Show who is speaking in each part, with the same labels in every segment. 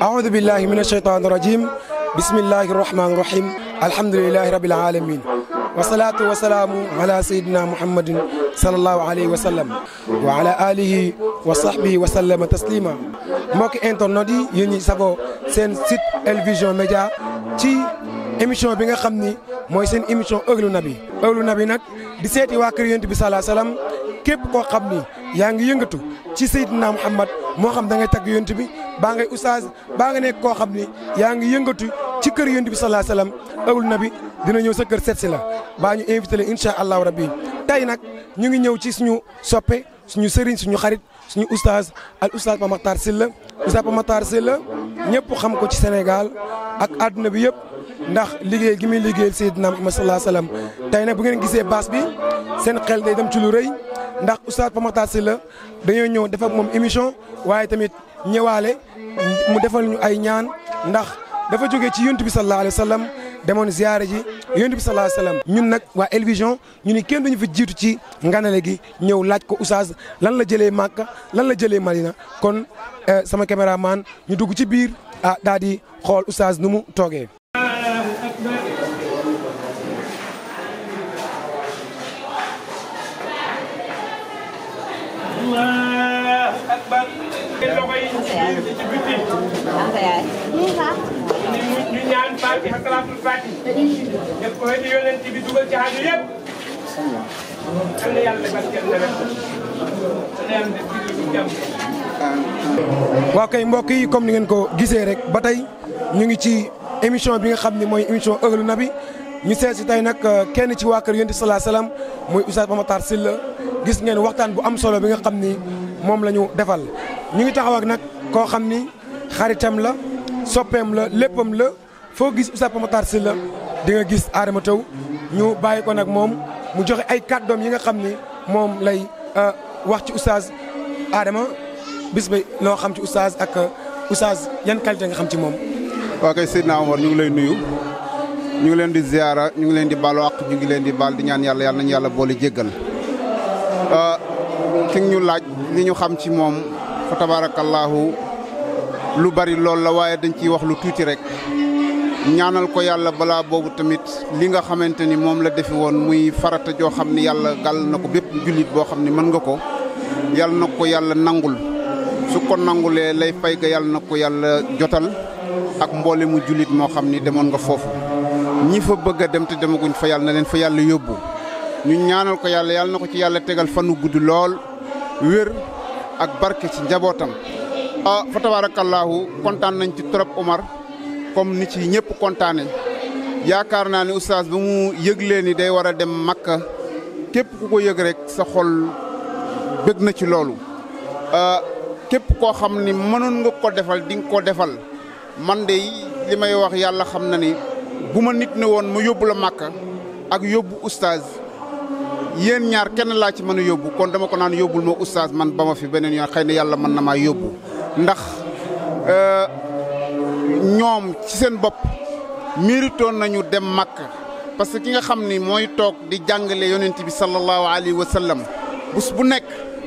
Speaker 1: أعوذ بالله من الشيطان الرجيم بسم الله الرحمن الرحيم الحمد لله رب العالمين والصلاة والسلام على سيدنا محمد صلى الله عليه وسلم وعلى آله وصحبه وسلم تسليما موك انتر ندي يوني سابو سين سيت الفيجون ميديا تي إميشون بيغا خمني موي سين إميشون أغلو نبي أغلو نبي نك دي سيتي واكر يونت بي صلى الله عليه وسلم كيب كو خمني يانغ يونغتو تي سيدنا محمد مو خم داغي تاغ يونت بي baa ngay oustaz baa nga nekk koo xam ni yaa ngi yëngatu ci kër yonent bi sallallahu alayhi wasallam awul dina ñëw sa kër seet si la baa ñu invité la incha allahu rabbi tey nag ñu ngi ñëw ci suñu soppee suñu sëriñ suñu xarit suñu oustaz al oustaz Pape Makhtar Sylla oustaz Pape Makhtar ñëpp xam ko ci Sénégal ak adduna bi yëpp ndax liggéey gi muy liggéeyal Seydina Muhammad sallallahu alayhi wasallam nag bu ngeen gisee baas bi seen xel day dem ci lu rëy ndax oustaz Pape Makhtar ñëw def ak moom émission waaye tamit ñëwaale mu defal ñu ay ñaan ndax dafa jóge ci yontu bi sallallahu alayhi demoon ziyaare ji yontu bi sallallahu alayhi ñun nag waa El Vision ñu ni kenn duñu fi jiitu ci nganale gi ñëw laaj ko oustaz lan la jëlee Màkka lan la jëlee Madina kon eh, sama caméraman ñu dugg ci biir ah daal di xool oustaz nu mu toogee. loxo kay mbokk yi comme ni ngeen ko gisee rek ba tey ñu ngi ci émission bi nga xam ni mooy émission Euhlou Nabi ñu seet si tey nag euh, kenn ci waa kër yonent salaa salaam muy Oustaz Mamatar Sylla gis ngeen waxtaan bu am solo bi nga xam ni moom lañu ñu defal. ñu ngi taxaw nag koo xam ni xaritam la soppeem la léppam la foo gis Oustaz Pape Matar Sylla di nga gis Adama Taw ñu bàyyi ko nag moom mu joxe ay kàddoom yi nga xam ni moom lay euh, wax ci Oustaz Adama bis ba loo xam ci Oustaz ak euh, Oustaz yan qualité nga xam ci moom.
Speaker 2: waa kay Seydina Omar ñu ngi lay nuyu ñu ngi leen di ziara ñu ngi leen di baalu àq ñu ngi leen di baal di ñaan yàlla yàlla yàlla boole jéggal euh, ki ñu laaj li ñu xam ci moom. fa tabaarakallaahu lu bari lool la waaye dañ ciy wax lu tuuti rek ñaanal ko yàlla balaa boobu tamit li nga xamante ni moom la defe woon muy farata joo xam ni yàlla gàll na ko bépp jullit boo xam ni mën nga ko yàlla na ko yàlla nangul su ko nangulee lay fay ga yàlla na ko yàlla jotal ak mboole mu jullit moo xam ni demoon nga foofu ñi fa bëgg dem te demaguñ fa yàlla na leen fa yàlla yóbbu ñu ñaanal ko yàlla yàlla na ko ci yàlla tegal fanu gudd lool wér ak barke ci njabootam ah fa tabaarakallaahu kontaan nañ ci trop Omar comme ni ci ñëpp kontaane yaakaar naa ni oustaz ba mu yëglee ni day war a dem Makka képp ku ko yëg rek sa xol bëgg na ci loolu ah, képp koo xam ni mënoon nga ko defal di nga ko defal man de li may wax yàlla xam na ni bu ma nit ne woon ma yóbbu la Makka ak yóbbu oustaz yéen ñaar kenn laa ci mën a yóbbu kon dama ko naan yóbbul ma oustaz man ba ma fi beneen yoon xëy na yàlla mën na maa yóbbu ndax euh, ñoom ci seen bopp méritoon nañu dem màkk parce que ki nga xam ni mooy toog di jàngale yonent bi sallallahu alayhi wa sallam bu nekk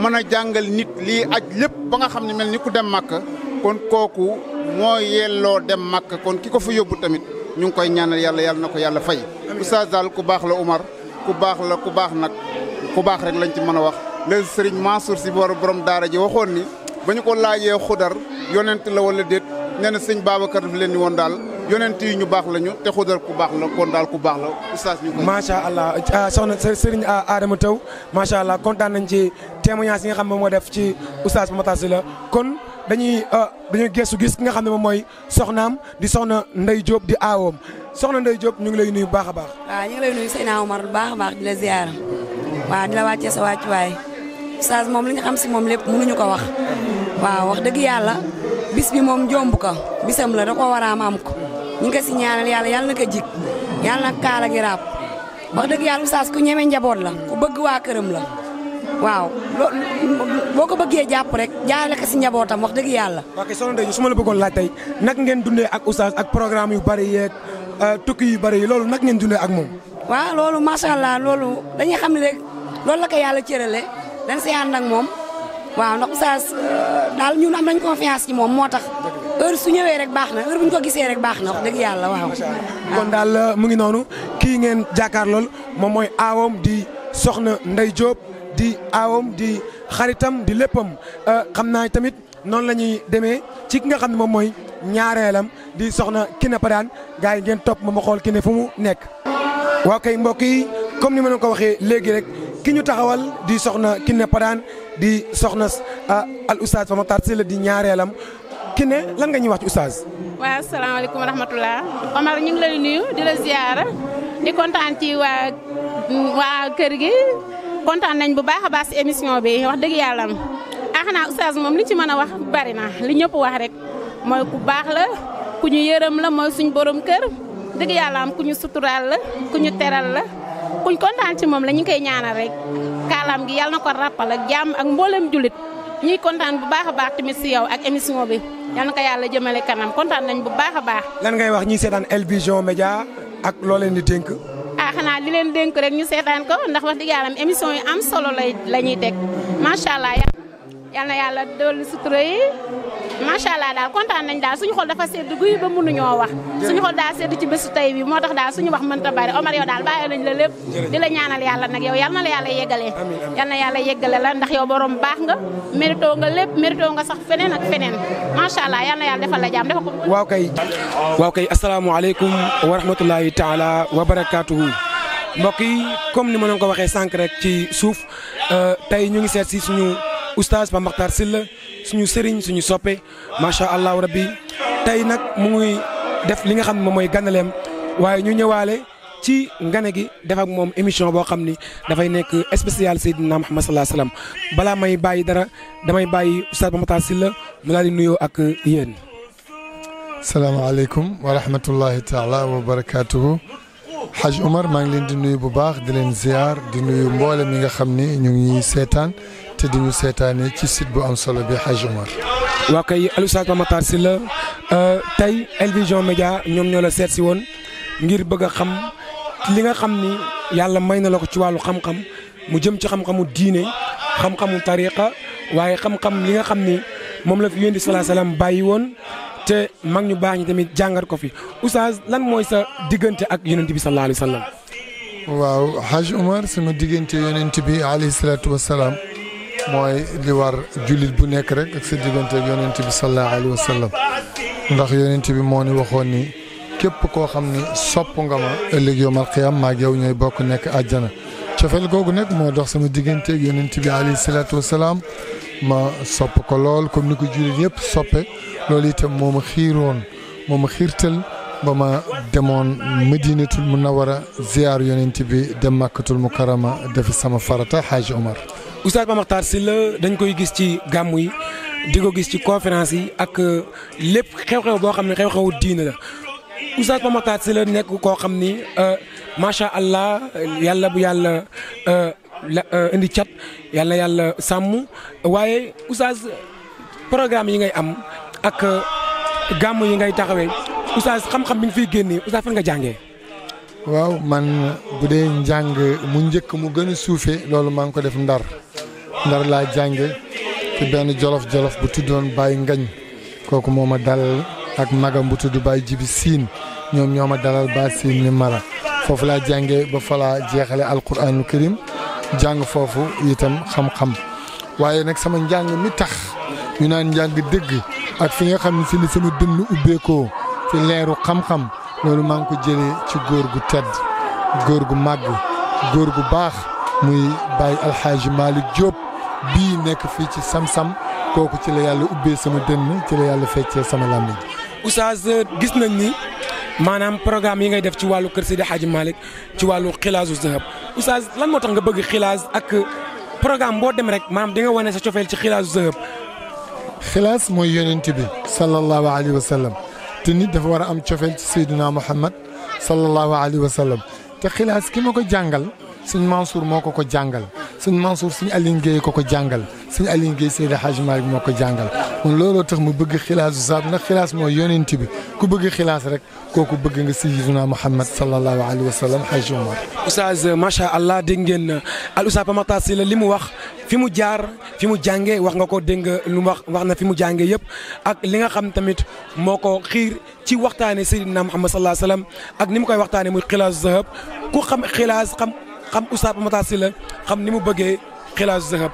Speaker 2: mën a jàngal nit lii aj lépp ba nga xam ne mel ni ku dem màkk kon kooku moo yelloo dem Makka kon ki ko fa yóbbu tamit ñu ngi koy ñaanal yàlla yàlla na ko yàlla fay oustaz daal ku baax la Umar ku baax la ku baax nag ku baax rek lañ ci mën a wax léegi sëriñ Mansour si war borom daara ji waxoon ni ba ñu ko laajee xudar yonent la wala déet nee na sëñ Babacar daf leen ni woon daal yonent yi ñu baax lañu te xudar ku baax la kon daal ku baax la oustaz ñu ko. macha
Speaker 1: allah ah, soxna sëriñ aadama ah, Taw macha allah kontaan nañ ci témoignage yi nga xam ne moo def ci oustaz Makhtar Sylla kon. dañuy euh, dañuy gëstu gis ki nga xam ne moom mooy soxnaam di soxna Ndeye Diop di aawoom soxna Ndeye jóob ñu ngi lay nuyu bu baax a baax. waaw ñu ngi lay nuyu Seydina Omar bu baax a baax di la ziar waaw di la wàccee sa wàccuwaay Oustaz moom li nga xam si moom lépp ñu ko wax waaw wax dëgg yàlla bis bi moom jomb ko bisam la da ko waraam am ko ñu ngi ko si ñaanal yàlla yàlla na ko jig yàlla na kaala gi raab wax dëgg yàlla Oustaz ku ñeme njaboot la ku bëgg waa këram la. waaw boo ko bëggee jàpp rek jaarale ko si njabootam wax dëgg yàlla. ok soxna Ndeye su ma la bëggoon laaj tey nag ngeen dundee ak oustaz ak programme yu bari yeeg euh, tukki yu bari loolu nag ngeen dundee ak moom.
Speaker 3: waaw loolu macha allah loolu dañuy xam ne rek loolu la ko yàlla cërale dañ si ànd ak moom
Speaker 1: waaw ndax oustaz euh, daal ñun am nañ confiance ci moom moo tax. heure su ñëwee rek baax na heure bu ñu ko gisee rek baax na wax dëgg yàlla waaw. kon daal euh, mu ngi noonu kii ngeen jàkkaar lool moom mooy aawam di soxna Ndeye Diop. di aawam di xaritam di léppam euh, xam naa tamit noonu la ñuy demee ci ki nga xam ne moom mooy ñaareelam di soxna Kiné Padane gars yi ngeen topp ma ma ki Kiné fu mu nekk. waaw kay mbokk yi comme ni ma leen ko waxee léegi rek ki ñu taxawal di soxna Kiné Padane di soxna euh, al oustaz Pape Makhtar Sylla di ñaareelam Kiné lan nga ñuy wax ci oustaz.
Speaker 3: waaw asalaamaaleykum wa rahmatulah Omar ñu ngi lay nuyu di la ziar di kontaan ci waa waa kër gi. Kontan nañ bu habas baax ci émission bi wax deug yalla akhna oustaz mom li ci mën wax bari na li ñëpp wax rek moy ku baax la ku ñu yërëm la moy suñ borom kër deug yalla am ku ñu sutural la ku ñu teral la kuñ kontan ci mom la ñu koy ñaanal rek Kalam gi yalla nako rappal ak jam ak mboolem julit ñi kontan bu baaxa baax tamit ci yow ak émission bi yalla nako yalla jëmele kanam kontan nañ bu baaxa baax.
Speaker 1: lan ngay wax ñi El media ak lo leen di denk
Speaker 3: xanaa di len dénk rek ñu sétane ko ndax wax di yàlla émission yu am solo lay lañuy tek ma sha allah. yalla yalla dool su tour yi sha allah daal contane nañ daal suñu xol dafa sedd guuy ba ñoo wax suñu xol daal sedd ci bëssu tay bi motax tax daal suñu wax ta bari Omar yow daal baye nañ la lepp dila ñaanal yalla nak yow yalla na la yalla yegalé yalla yalla yegalé la ndax yow borom baax nga merito nga lepp merito nga sax fenen ak ma sha allah yalla yalla defal la jaam defal ko
Speaker 1: waaw kay waaw kay alaykum wa rahmatullahi taala wa barakatuh mbokk yi comme ni ma ko waxee sank rek ci suuf euh, tay ñu ngi seet ci suñu oustaz Pape Makhtar Sylla suñu sëriñ suñu soppe macha allah rabbi tey nag mu ngi def li nga xam ne moom mooy ganaleem waaye ñu ñëwaale ci ngane gi def ak moom émission boo xam ni dafay nekk spécial Seydina Muhammad sallallahu alayhi wasallam balaa may bàyyi dara damay bàyyi oustaz Pape Makhtar Sylla mu daal di nuyoo ak yéen.
Speaker 4: salaamaaleykum wa rahmatullahi taala wa barakaatuhu. hajj Omar maa ngi leen di nuyu bu baax di leen ziar di nuyu mboolem yi nga xam ni ñu ngi seetaan. te di ñu seetaanee ci site bu am solo bi Hadj Omar.
Speaker 1: waa kay Aliou Sass Pape Matar Sylla tey El Vision Média ñoom ñoo la seet si woon ngir bëgg a xam li nga xam ni yàlla may na la ko ci wàllu xam-xam mu jëm ci xam-xamu diine xam-xamu tariqa waaye xam-xam li nga xam ni moom la fi yéen di salaa salaam bàyyi woon te mag ñu baax ñi tamit
Speaker 4: jàngat ko fi oustaz lan mooy sa diggante ak yonent bi sallallahu alayhi wa sallam. waaw Hadj Omar sama diggante yonent bi alayhi salaatu wa salaam mooy li war jullit bu nekk rek ak sa diggante ak yonent bi sallallahu alayhi wa sallam ndax yonent bi moo ni waxoon ni kep ko xamni ni nga ma yo mal qiyam ma gew ñoy bok nek aljana ci fel gogu nek mo dox sama diggante ak yonent bi alayhi salatu wa salaam ma sop ko lol comme ni ko jullit yëpp soppe loolu itam moma xiron moma xirtel ma xiirtal ba ma demoon madinatul munawara ziar yonent bi dem màkkatul mukarrama def sama farata Haji Omar
Speaker 1: Oustaz Pape si la dañ koy gis ci gàmm yi di ko gis ci conférence yi ak euh, lépp xew-xew boo xam ne xew-xewu diine la Oustaz Pape Makhtar Sylla nekk koo xam ni euh, macha allah yàlla bu yàlla euh, indi cat yàlla yàlla sàmm waaye Oustaz programme yi ngay am ak gàmm yi ngay taxawee Oustaz xam-xam bi nga fiy génnee Oustaz fan nga jàngee.
Speaker 4: waaw man bu dee njàng mu njëkk mu gën a suufee loolu maa ngi ko def ndar. ndar laa jànge ci benn jolof-jolof bu tuddoon Baye Ngañ kooku moo ma dalal ak magam bu tudd Baye Jibi Siin ñoom ñoo ma dalal ba Siin ni Mara fofu laa jànge ba fa laa jeexale alquranul karim jàng foofu itam xam-xam waaye nag sama njàng mi tax ñu naan njàng dëgg ak fi nga xam ne si li sama dund ubbeekoo ci leeru xam-xam loolu maa ko jëlee ci gu tedd góor gu màgg góor gu baax muy Baye Alxaaji Diop bii nekk fii ci sam-sam kooku ci la yàlla ubbee sama dënn ci la yàlla feccee sama làmmiñ.
Speaker 1: Oustaz euh, gis nañ ni maanaam programme yi ngay def ci wàllu kër Seydi Hadji Malick ci wàllu xilaasu zahab Oustaz lan moo tax nga bëgg xilaas ak programme boo dem rek maanaam di nga wane sa cofeel ci xilaasu
Speaker 4: zahab. xilaas mooy yonent bi. sallallahu alayhi wa te nit dafa war a am cofeel ci Seydina Muhammad sallallahu alayhi wa sallam te xilaas ki ma ko jàngal sëñ Mansour moo ko ko jàngal. سن منصور سن ألينجي كوكو جانجل سن ألينجي سيد الحاج مالك موكو جانجل من لولو تخ مو بغي خلاص زاد نا خلاص مو يونين تبي كو بغي خلاص رك كوكو بغي نغ سيدنا محمد صلى الله عليه وسلم حاج عمر
Speaker 1: استاذ ما شاء الله دينغن الاستاذ ما تاسيل لي مو واخ في مو جار في مو جانغي واخ نغاكو دينغ لو واخ واخنا في مو جانغي ييب اك ليغا خام تاميت موكو خير تي وقتاني سيدنا محمد صلى الله عليه وسلم اك نيم كوي أنا مو خلاص ذهب كو خام خلاص خام خام استاذ ما تاسيل xam ni mu bëggee Xilaas Zahab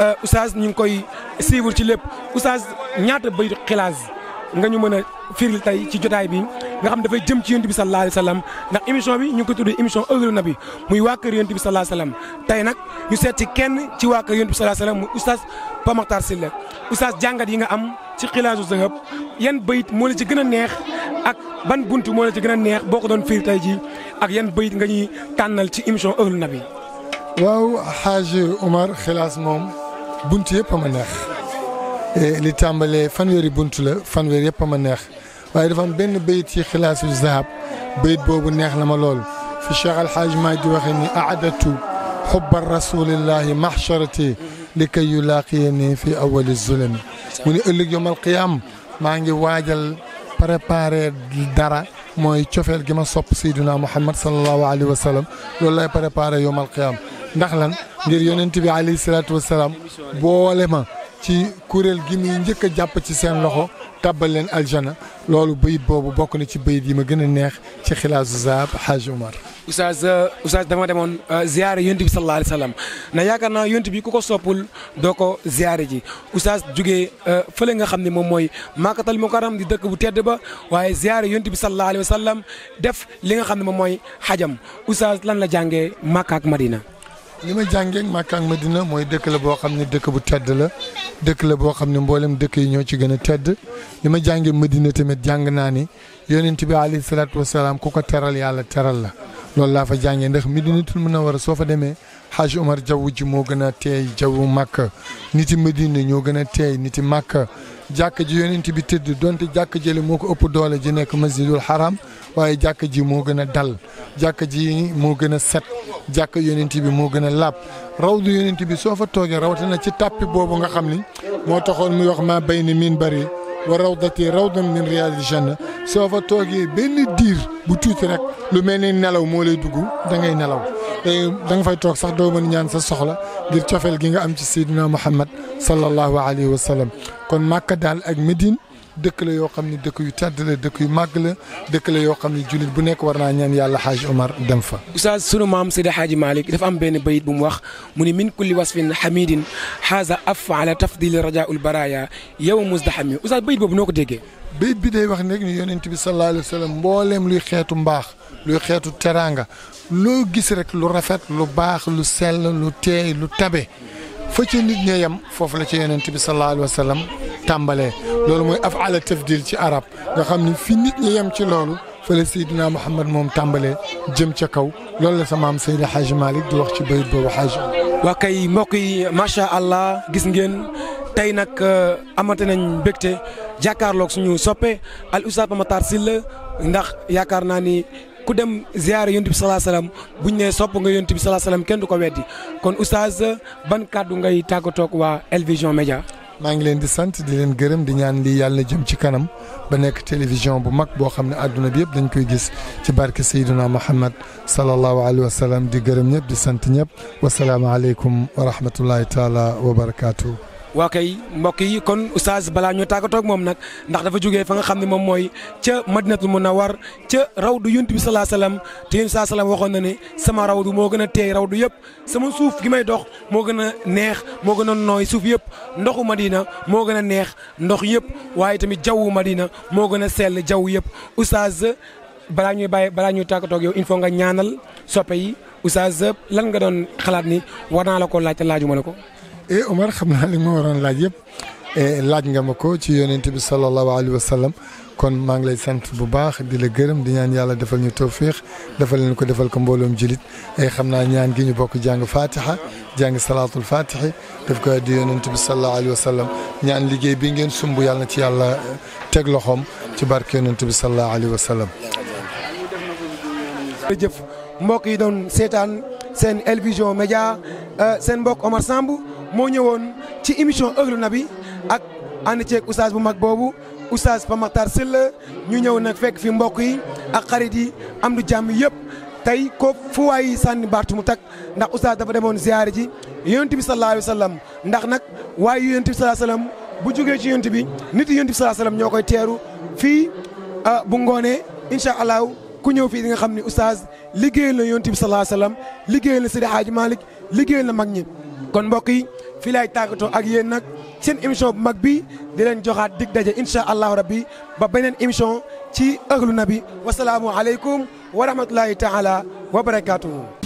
Speaker 1: euh, oustaz ñu ngi koy suivre ci lépp oustaz ñaata bay xilaas nga ñu mën a firil tey ci jotaay bi nga xam dafay jëm ci yonent bi sallallahu alayhi wasallam ndax émission bi ñu ko tudd émission ëllëg na bi muy waa kër bi sallallahu alayhi tey nag ñu seet ci kenn ci waa kër yonent bi sallallahu alayhi wasallam muy oustaz Pape Makhtar Sylla jàngat yi nga am ci xilaasu zahab yan bayit moo ci gën a neex ak ban buntu moo ci gën a neex boo ko doon firi tey ji ak nga ñuy tànnal ci émission
Speaker 4: ëllëg bi واو حاج عمر خلاص موم بنت يبقى منخ إيه، اللي تعمل فنوري بنت له فنوري يبقى منخ وايضا بين بيتي خلاص الذهب بيت بوب النخ لما لول في شغل حاج ما يدوخني أعدت حب الرسول الله محشرتي لكي يلاقيني في أول الظلم من اللي يوم القيام ما عندي واجل بريباري دارا موي تشوفل جيما سوب سيدنا محمد صلى الله عليه وسلم والله بريباري يوم القيامه ndax lan ngir yonent bi alayhi salaatu wasalaam boole ma ci kuréel gi muy njëkk a jàpp ci seen loxo tàbbal leen aljana loolu bayit boobu bokk na ci bayit yi ma gën a neex ci xilaasu zaab Hajj Umar.
Speaker 1: Oustaz euh, Oustaz dama demoon euh, ziare yonent bi sallallahu alayhi wa sallam na yaakaar naa yonent bi ku ko soppul doo ko ziare ji Oustaz jugee euh, fële nga xam ne moom mooy Makkatal Mukarram di dëkk bu tedd ba waaye ziare yonent bi sallallahu alayhi wa sallam def li nga xam ne moom mooy xajam Oustaz lan la jàngee Makka
Speaker 4: ak li ma jàngee Makka ak Madina mooy dëkk la boo xam ne dëkk bu tedd la dëkk la boo xam ne mboolem dëkk yi ñoo ci gën a tedd li ma jàngee Madina tamit jàng naa ni yonent bi alayhi salaatu wasalaam ku ko teral yàlla teral la loolu laa fa jàngee ndax Madinatul Munawwara soo fa demee Hajj Omar jaww ji moo gën a teey jaww Makka niti Madina ñoo gën a teey niti Makka jàkk ji yonent bi tëdd donte jàkk jële moo ko ëpp doole ji nekk masjidul haram waaye jàkk ji moo gën a dal jàkk ji moo gën a set jàkk yonent bi moo gën a laab rawdu yonent bi soo fa toogee rawatina ci tàppi boobu nga xam ni moo taxoon muy wax maa bay ni miin bari wa rawdati rawdun min riyaadil janna soo fa toogee benn diir bu tuuti rek lu mel ni nelaw moo lay dugg da ngay nelaw danga da fay toog sax doo ñaan sa soxla ngir cofeel gi nga am ci Seydina Muhammad sallallahu alayhi wa sallam kon Màkka daal ak Medine dëkk la yoo xam ni dëkk yu tedd la dëkk yu màgg la dëkk la yoo xam ni jullit bu nekk war naa ñaan yàlla xaaji Omar dem fa.
Speaker 1: oustaz sunu maam Seydi Xaaji Malick dafa am benn bayit bu mu wax mu ni min kulli wasfin xamidin xaaza af ala tafdili rajaul baraya yow musdaxami
Speaker 4: oustaz bayit boobu noo ko déggee. bayit bi day wax nekk ni yonent bi sallallahu alayhi wa sallam mbooleem luy xeetu mbaax luy xeetu teraanga loo gis rek lu rafet lu baax lu sell lu teey lu tabe. fa ci nit ña yam foofu la ci yonent bi sallallahu alayhi wa sallam tàmbalee loolu mooy afala tafdil ci arab nga xam ni fi nit ña yem ci loolu fa la Seydina Muhammad moom tàmbalee jëm ca kaw loolu la sa maam Seydi Hadj Malick di wax ci bayit boobu Hadj.
Speaker 1: waa kay mbokk yi macha allah gis ngeen tey nag euh, amate nañ mbégte jàkkaarloog suñu soppe al Oustaz Pape Matar ndax yaakaar naa ni. ku dem ziyaare yonent bi salaa salaam buñ ne sopp nga yonent bi salaa salaam kenn du ko weddi kon oustaz ban kàddu ngay tàggatoog waa El Vision
Speaker 4: maa ngi leen di sant di leen gërëm di ñaan lii yàlla na jëm ci kanam ba nekk télévision bu mag boo xam ne àdduna bi yëpp dañ koy gis ci barke Seydina Muhammad sallallahu alayhi wa salaam di gërëm ñëpp di sant ñëpp wasalaamualeykum wa rahmatullahi taala wa barakaatu.
Speaker 1: waa kay mbokk yi kon oustaz balaa ñu tàggatoo moom nag ndax dafa jógee fa nga xam ne moom mooy ca madinatul munawwar ca rawdu yonent bi salaa salaam te yonent bi salaa salaam waxoon na ne sama rawdu moo gën a teey du yëpp sama suuf gi may dox moo gën a neex moo gën a nooy suuf yëpp ndoxu madina moo gën a neex ndox yëpp waaye tamit jawwu madina moo gën a sell jaww yëpp oustaz balaa ñuy bàyyi balaa ñuy tàggatoo ak yow il faut nga ñaanal soppe yi oustaz lan nga doon xalaat ni war naa la ko laaj te laajuma ko.
Speaker 4: et Omar xam naa li ma waroon laaj yëpp laaj nga ma ko ci yonent bi sallallahu alayhi wa sallam kon maa ngi lay sant bu baax di la gërëm di ñaan yàlla defal ñu tawfiix defal leen ko defal ko mbooloom julit et xam naa ñaan gi ñu bokk jàng fatiha jàng salaatul fatihi def ko di yonent bi sallallahu alayhi wa sallam ñaan liggéey bi ngeen sumb yàlla na ci yàlla teg loxoom ci barke yonent bi sallallahu alayhi wa sallam. jërëjëf mbokk yi doon seetaan seen
Speaker 1: El Vision Média seen mbokk Omar Samb. moo ñëwoon ci émission ëhlu bi ak ànd ceeg oustaz bu mag boobu oustaz Pa Makhtar ñu ñëw nag fekk fi mbokk yi ak xarit yi am du jàmm yëpp tey ko fu waay sànni baatu mu tak ndax oustaz dafa demoon ziyaare ji yonent bi sallallahu alayhi wa ndax nag waaye yonent bi sallallahu bu jógee ci yonent bi nit yi yonent bi ñoo koy teeru fii ah, bu ngoonee incha allah ku ñëw fii di nga xam ne oustaz liggéeyal na yonent bi sallallahu alayhi wa sallam liggéeyal na Seydi Hadji mag ñi fii laay tàggatoo ak yéen nag seen émission bu mag bi di leen joxaat dig daje incha allahu rabbi ba beneen émission ci ëhlu nabi wasalaamu aleykum wa rahmatullahi taala wa barakaatuhu